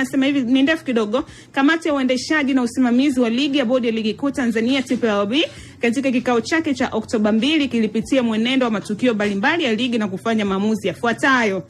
Nasema hivi ni ndefu kidogo. Kamati ya uendeshaji na usimamizi wa ligi ya bodi ya ligi kuu Tanzania TPLB katika kikao chake cha Oktoba 2 kilipitia mwenendo wa matukio mbalimbali ya ligi na kufanya maamuzi yafuatayo.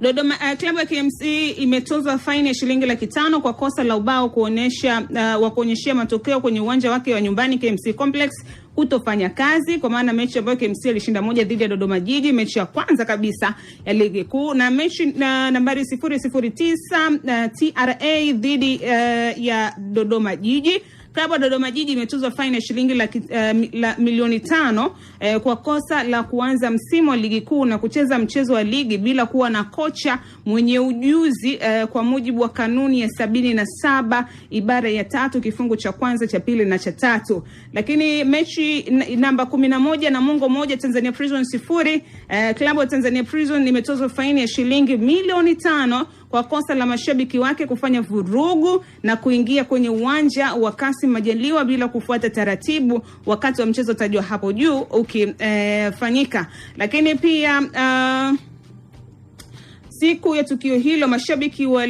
Dodoma uh, klabu ya KMC imetozwa faini ya shilingi laki tano kwa kosa la ubao kuonesha uh, wa kuonyeshia matokeo kwenye uwanja wake wa nyumbani KMC Complex kutofanya kazi kwa maana mechi ambayo KMC ilishinda moja dhidi ya Dodoma Jiji, mechi ya kwanza kabisa ya ligi kuu, na mechi na nambari 009 uh, TRA dhidi uh, ya Dodoma Jiji Klabu ya Dodoma Jiji imetuzwa faini ya shilingi la, uh, eh, la, milioni tano eh, kwa kosa la kuanza msimu wa ligi kuu na kucheza mchezo wa ligi bila kuwa na kocha mwenye ujuzi eh, kwa mujibu wa kanuni ya sabini na saba ibara ya tatu kifungu cha kwanza cha pili na cha tatu. Lakini mechi namba kumi na moja Namungo moja Tanzania Prison sifuri eh, klabu ya Tanzania Prison imetozwa faini ya shilingi milioni tano kwa kosa la mashabiki wake kufanya vurugu na kuingia kwenye uwanja wa Kassim Majaliwa bila kufuata taratibu wakati wa mchezo tajwa hapo juu ukifanyika. E, lakini pia uh, siku ya tukio hilo mashabiki uh,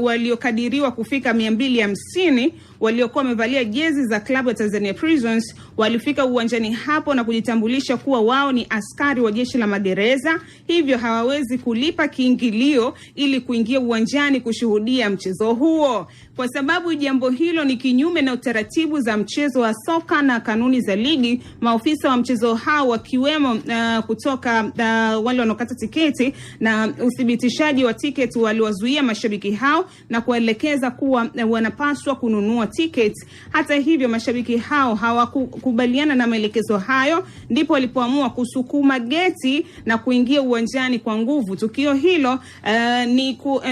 waliokadiriwa wali kufika mia mbili hamsini waliokuwa wamevalia jezi za klabu ya Tanzania Prisons walifika uwanjani hapo na kujitambulisha kuwa wao ni askari wa jeshi la magereza, hivyo hawawezi kulipa kiingilio ili kuingia uwanjani kushuhudia mchezo huo, kwa sababu jambo hilo ni kinyume na utaratibu za mchezo wa soka na kanuni za ligi. Maofisa wa mchezo hao wakiwemo uh, kutoka uh, wale wanaokata tiketi na uthibitishaji wa tiketi waliwazuia mashabiki hao na kuwaelekeza kuwa uh, wanapaswa kununua tiketi. Hata hivyo, mashabiki hao hawakukubaliana na maelekezo hayo, ndipo walipoamua kusukuma geti na kuingia uwanjani kwa nguvu. Tukio hilo uh, ni ku, uh,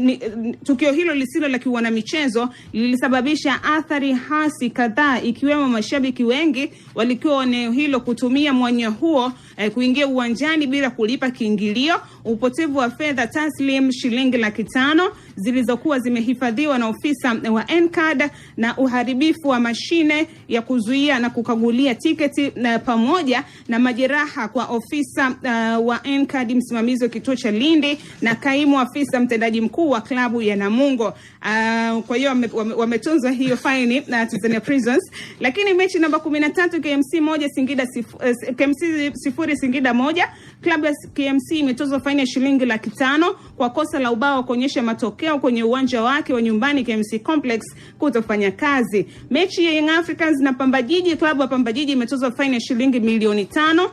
ni, tukio hilo lisilo la kiwana michezo lilisababisha athari hasi kadhaa, ikiwemo mashabiki wengi walikuwa eneo hilo kutumia mwanya huo uh, kuingia uwanjani bila kulipa kiingilio, upotevu wa fedha taslim shilingi laki tano zilizokuwa zimehifadhiwa na ofisa wa NCAD na uharibifu wa mashine ya kuzuia na kukagulia tiketi na eh, pamoja na majeraha kwa ofisa uh, wa NCAD msimamizi wa kituo cha Lindi na kaimu afisa mtendaji mkuu wa klabu ya Namungo. Uh, kwa hiyo wame, wametunzwa hiyo faini na eh, Tanzania Prisons. Lakini mechi namba 13 KMC moja Singida sif, uh, KMC sifuri Singida moja Klabu ya KMC imetozwa faini ya shilingi laki tano kwa kosa la ubao wa kuonyesha matokeo kwenye uwanja wake wa nyumbani KMC Complex kutofanya kazi. Mechi ya Young Africans na pambajiji klabu ya pambajiji imetozwa faini ya shilingi milioni tano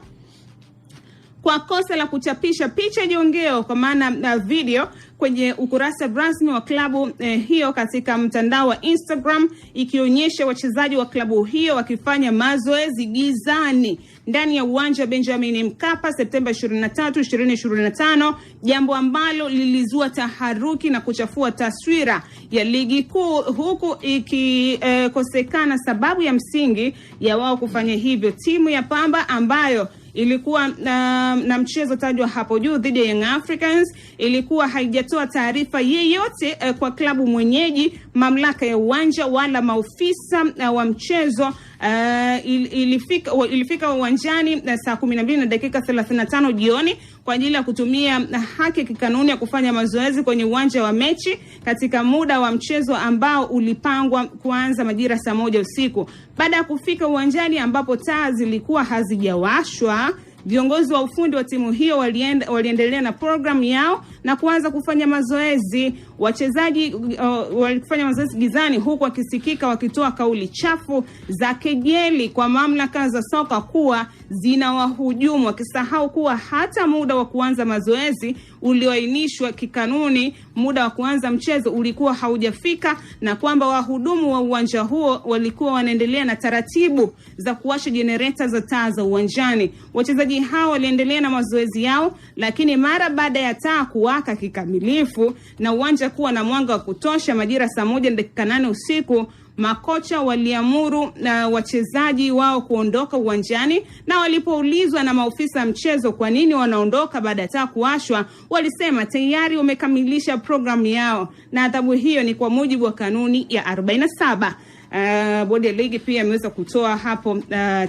kwa kosa la kuchapisha picha jongeo kwa maana uh, video kwenye ukurasa rasmi wa klabu eh, hiyo katika mtandao wa Instagram ikionyesha wachezaji wa klabu hiyo wakifanya mazoezi gizani ndani ya uwanja wa Benjamin Mkapa Septemba 23, 2025, jambo ambalo lilizua taharuki na kuchafua taswira ya ligi kuu huku ikikosekana eh, sababu ya msingi ya wao kufanya hivyo. Timu ya Pamba ambayo ilikuwa na, na mchezo tajwa hapo juu dhidi ya Young Africans ilikuwa haijatoa taarifa yeyote eh, kwa klabu mwenyeji, mamlaka ya uwanja wala maofisa eh, wa mchezo Uh, il, ilifika, ilifika uwanjani uh, saa kumi na mbili na dakika thelathini na tano jioni kwa ajili ya kutumia uh, haki ya kikanuni ya kufanya mazoezi kwenye uwanja wa mechi katika muda wa mchezo ambao ulipangwa kuanza majira saa moja usiku. Baada ya kufika uwanjani ambapo taa zilikuwa hazijawashwa Viongozi wa ufundi wa timu hiyo walienda, waliendelea na programu yao na kuanza kufanya mazoezi. Wachezaji uh, walifanya mazoezi gizani, huku wakisikika wakitoa kauli chafu za kejeli kwa mamlaka za soka kuwa zinawahujumu, wakisahau kuwa hata muda wa kuanza mazoezi ulioainishwa kikanuni, muda wa kuanza mchezo ulikuwa haujafika, na kwamba wahudumu wa uwanja huo walikuwa wanaendelea na taratibu za kuwasha jenereta za taa za uwanjani. Wachezaji hao waliendelea na mazoezi yao, lakini mara baada ya taa kuwaka kikamilifu na uwanja kuwa na mwanga wa kutosha majira saa moja na dakika nane usiku Makocha waliamuru na wachezaji wao kuondoka uwanjani, na walipoulizwa na maofisa mchezo kwa nini wanaondoka baada ya taa kuashwa walisema tayari wamekamilisha programu yao, na adhabu hiyo ni kwa mujibu wa kanuni ya 47 Eh, bodi ya ligi pia imeweza kutoa hapo uh,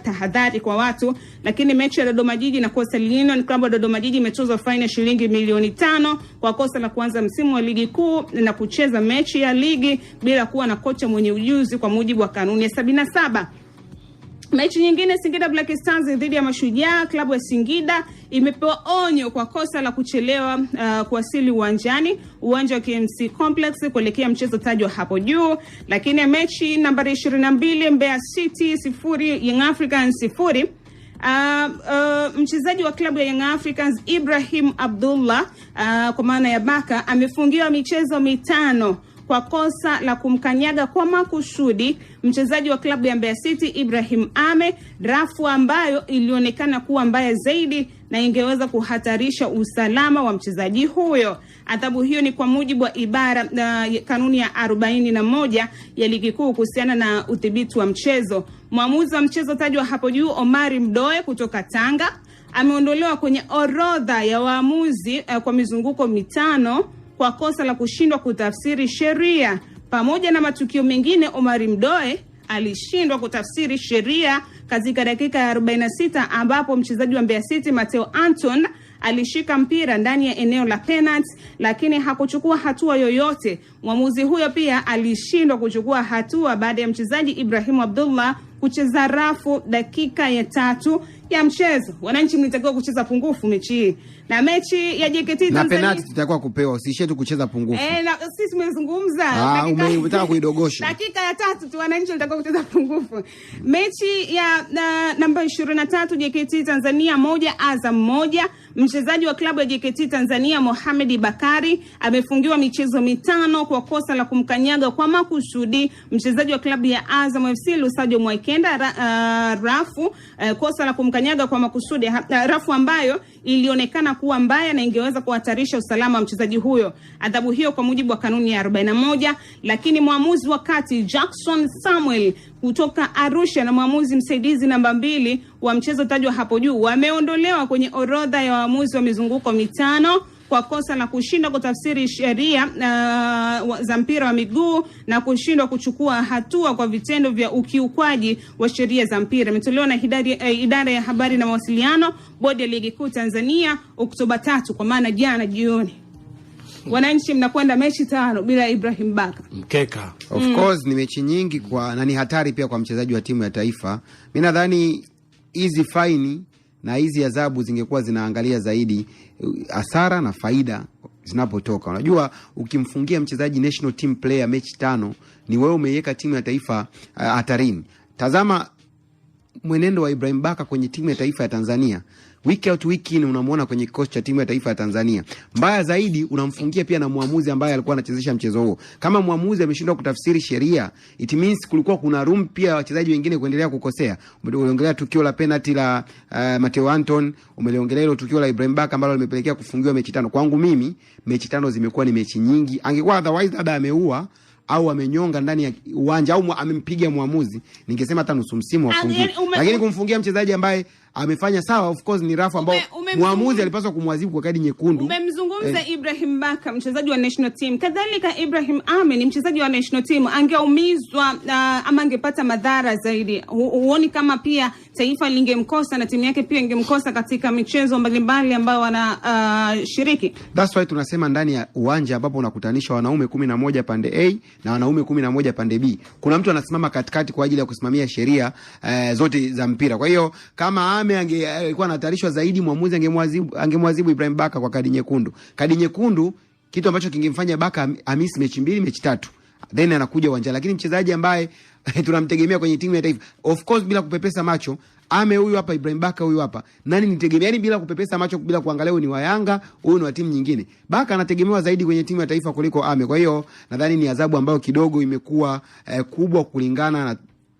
tahadhari kwa watu, lakini mechi ya Dodoma Jiji na Coastal Union Club wa Dodoma Jiji imetozwa faini ya shilingi milioni tano kwa kosa la kuanza msimu wa ligi kuu na kucheza mechi ya ligi bila kuwa na kocha mwenye ujuzi kwa mujibu wa kanuni ya sabini na saba Mechi nyingine Singida Black Stars dhidi ya Mashujaa, klabu ya Singida imepewa onyo kwa kosa la kuchelewa uh, kuwasili uwanjani uwanja wa KMC Complex kuelekea mchezo tajwa hapo juu. Lakini mechi nambari 22 Mbeya City sifuri Young Africans sifuri Uh, uh, mchezaji wa klabu ya Young Africans Ibrahim Abdullah uh, kwa maana ya Baka amefungiwa michezo mitano kwa kosa la kumkanyaga kwa makusudi mchezaji wa klabu ya Mbeya City Ibrahim Ame, rafu ambayo ilionekana kuwa mbaya zaidi na ingeweza kuhatarisha usalama wa mchezaji huyo. Adhabu hiyo ni kwa mujibu wa ibara na kanuni ya arobaini na moja ya ligi kuu kuhusiana na udhibiti wa mchezo. Mwamuzi wa mchezo tajwa hapo juu Omari Mdoe kutoka Tanga ameondolewa kwenye orodha ya waamuzi eh, kwa mizunguko mitano kwa kosa la kushindwa kutafsiri sheria. Pamoja na matukio mengine, Omari Mdoe alishindwa kutafsiri sheria katika dakika ya 46 ambapo mchezaji wa Mbeya City Mateo Anton alishika mpira ndani ya eneo la penalty, lakini hakuchukua hatua yoyote. Mwamuzi huyo pia alishindwa kuchukua hatua baada ya mchezaji Ibrahimu Abdullah kucheza rafu dakika ya tatu ya mchezo. Wananchi mlitakiwa kucheza pungufu mechi hii na mechi ya JKT Tanzania na penalti tutakuwa kupewa, usiishie tu kucheza pungufu. Eh, na sisi tumezungumza ah, umetaka kuidogosha dakika ya tatu tu, wananchi walitakiwa kucheza pungufu. Mechi ya na, namba 23 JKT Tanzania moja Azam moja. Mchezaji wa klabu ya JKT Tanzania Mohamed Bakari amefungiwa michezo mitano kwa kosa la kumkanyaga kwa makusudi mchezaji wa klabu ya Azam FC Lusajo Mwaikenda ra, uh, Rafu uh, kosa la kumkanyaga kwa makusudi uh, Rafu ambayo ilionekana kuwa mbaya na ingeweza kuhatarisha usalama wa mchezaji huyo, adhabu hiyo kwa mujibu wa kanuni ya 41. Lakini mwamuzi wa kati Jackson Samuel kutoka Arusha na mwamuzi msaidizi namba mbili wa mchezo tajwa hapo juu wameondolewa kwenye orodha ya waamuzi wa mizunguko mitano kwa kosa la kushindwa kutafsiri sheria uh, za mpira wa miguu na kushindwa kuchukua hatua kwa vitendo vya ukiukwaji wa sheria za mpira. Imetolewa na eh, idara ya habari na mawasiliano, bodi ya ligi kuu Tanzania, Oktoba tatu, kwa maana jana jioni. Wananchi mnakwenda mechi tano bila Ibrahim Baka mkeka. Of mm. course ni mechi nyingi kwa na ni hatari pia kwa mchezaji wa timu ya taifa. Mi nadhani hizi faini na hizi adhabu zingekuwa zinaangalia zaidi eh, hasara na faida zinapotoka. Unajua, ukimfungia mchezaji national team player mechi tano, ni wewe umeiweka timu ya taifa eh, hatarini. Uh, tazama mwenendo wa Ibrahim Baka kwenye timu ya taifa ya Tanzania wiki out wiki in unamuona kwenye kikosi cha timu ya taifa ya Tanzania. Mbaya zaidi unamfungia pia na muamuzi ambaye alikuwa anachezesha mchezo huo. Kama muamuzi ameshindwa kutafsiri sheria, it means kulikuwa kuna room pia wachezaji wengine kuendelea kukosea. Umeongelea tukio la penalty la uh, Mateo Anton, umeliongelea hilo tukio la Ibrahim Baka ambalo limepelekea kufungiwa mechi tano. Kwangu mimi mechi tano zimekuwa ni mechi nyingi. Angekuwa otherwise labda ameua au amenyonga ndani ya uwanja au amempiga muamuzi, ningesema hata nusu msimu wafungie, lakini kumfungia mchezaji ambaye amefanya sawa, of course ni rafu ambao mwamuzi alipaswa kumwadhibu kwa kadi nyekundu. Umemzungumza eh, Ibrahim Baka mchezaji wa national team, kadhalika Ibrahim Ame ni mchezaji wa national team, angeumizwa uh, ama angepata madhara zaidi. Huoni kama pia taifa lingemkosa na timu yake pia ingemkosa katika michezo mbalimbali ambayo wanashiriki? Uh, that's why tunasema ndani ya uwanja ambapo unakutanisha wanaume kumi na moja pande A na wanaume kumi na moja pande B, kuna mtu anasimama katikati kwa ajili ya kusimamia sheria eh, zote za mpira. Kwa hiyo kama Ame Kagame alikuwa anatarishwa zaidi, mwamuzi angemwazibu Ibrahim Baka kwa kadi nyekundu. Kadi nyekundu kitu ambacho kingemfanya Baka amisi mechi mbili mechi tatu, then anakuja uwanjani, lakini mchezaji ambaye tunamtegemea kwenye timu ya taifa, of course, bila kupepesa macho ame huyu hapa Ibrahim Baka huyu hapa nani nitegemea, yani bila kupepesa macho, bila kuangalia huyu ni wa Yanga, huyu ni wa timu nyingine. Baka anategemewa zaidi kwenye timu ya taifa kuliko ame. Kwa hiyo nadhani ni adhabu ambayo kidogo imekuwa eh, kubwa kulingana na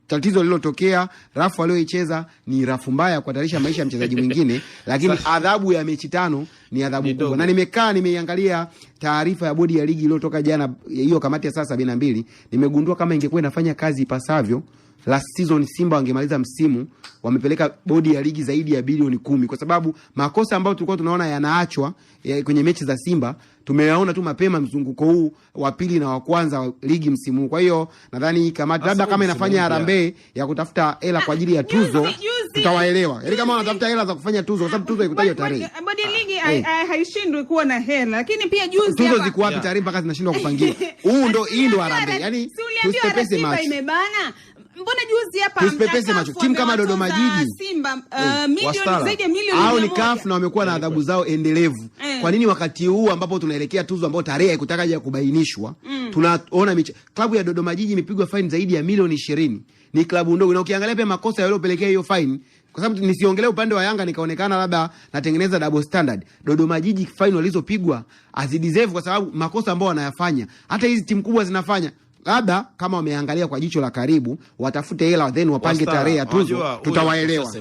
tatizo lilotokea rafu aliyoicheza ni rafu mbaya ya kuhatarisha maisha ya mchezaji mwingine, lakini adhabu ya mechi tano ni adhabu kubwa. Na nimekaa nimeiangalia taarifa ya bodi ya ligi iliyotoka jana, hiyo kamati ya saa sabini na mbili, nimegundua kama ingekuwa inafanya kazi ipasavyo last season Simba wangemaliza msimu wamepeleka bodi ya ligi zaidi ya bilioni kumi kwa sababu makosa ambayo tulikuwa tunaona yanaachwa ya kwenye mechi za Simba tumeyaona tu mapema mzunguko huu wa pili na wa kwanza wa ligi msimu huu. Kwa hiyo nadhani kamati labda kama inafanya harambee ya kutafuta hela kwa ajili ya tuzo tutawaelewa, yani kama wanatafuta hela za kufanya tuzo, kwa sababu tuzo haikutajwa tarehe. Bodi ya ah, ligi eh. haishindwi kuwa na hela, lakini pia juzi tuzo ziko wapi tarehe mpaka zinashindwa kupangiwa? Huu ndo hii ndo harambee, yani tusipepese macho imebana mbona juzi hapa msipepese macho timu kama Dodoma Jiji Simba oh, eh, milioni zaidi ya milioni hao ni CAF na wamekuwa na adhabu zao endelevu eh. Kwa nini wakati huu ambapo tunaelekea tuzo ambayo tarehe haikutaka ya kubainishwa mm. Tunaona miche klabu ya Dodoma Jiji imepigwa faini zaidi ya milioni ishirini ni klabu ndogo, na ukiangalia pia makosa yaliyopelekea hiyo faini kwa sababu nisiongelee upande wa Yanga nikaonekana labda natengeneza double standard. Dodoma Jiji faini walizopigwa azideserve kwa sababu makosa ambayo wanayafanya hata hizi timu kubwa zinafanya labda kama wameangalia kwa jicho la karibu, watafute hela then wapange tarehe ya tuzo, tutawaelewa.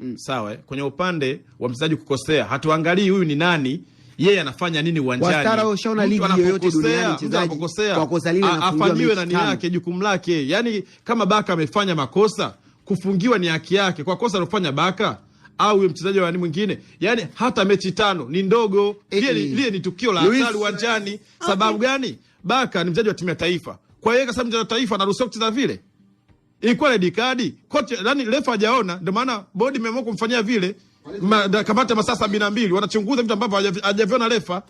Mm. Sawa, eh? kwenye upande wa mchezaji kukosea, hatuangalii huyu ni nani yeye yeah, anafanya nini uwanjani? Wastara ushaona ligi yoyote duniani mchezaji kwa kosa lile afanyiwe na nia yake, jukumu lake. Yani kama Baka amefanya makosa, kufungiwa ni haki yake kwa kosa alofanya Baka au huyo mchezaji wa mwingine. Yani hata mechi tano ni ndogo, lile eh, eh. ni tukio la hatari uwanjani. Sababu gani? Baka ni mchezaji wa timu ya taifa kwa yeye kasa mchezaji taifa anaruhusiwa kucheza vile, ilikuwa red card kocha, yani refa hajaona, ndio maana board imeamua kumfanyia vile ma, kamata masaa sabini na mbili wanachunguza vitu ambavyo hajaviona refa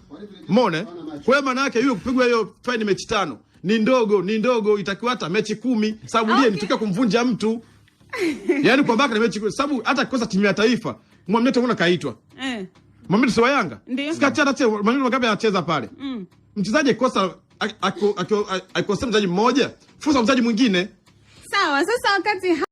mone. Kwa hiyo maana yake yule kupigwa hiyo fine mechi tano ni ndogo, ni ndogo, itakiwa hata mechi kumi sababu okay, ni tukio kumvunja mtu yani kwa baka ni mechi, sababu hata kikosa timu ya taifa Mohamed Tongona kaitwa eh Mohamed Soyanga sikachana tena maneno mangapi anacheza pale mm. mchezaji kosa akikosea mchezaji mmoja, fursa mchezaji mwingine. Sawa, sasa wakati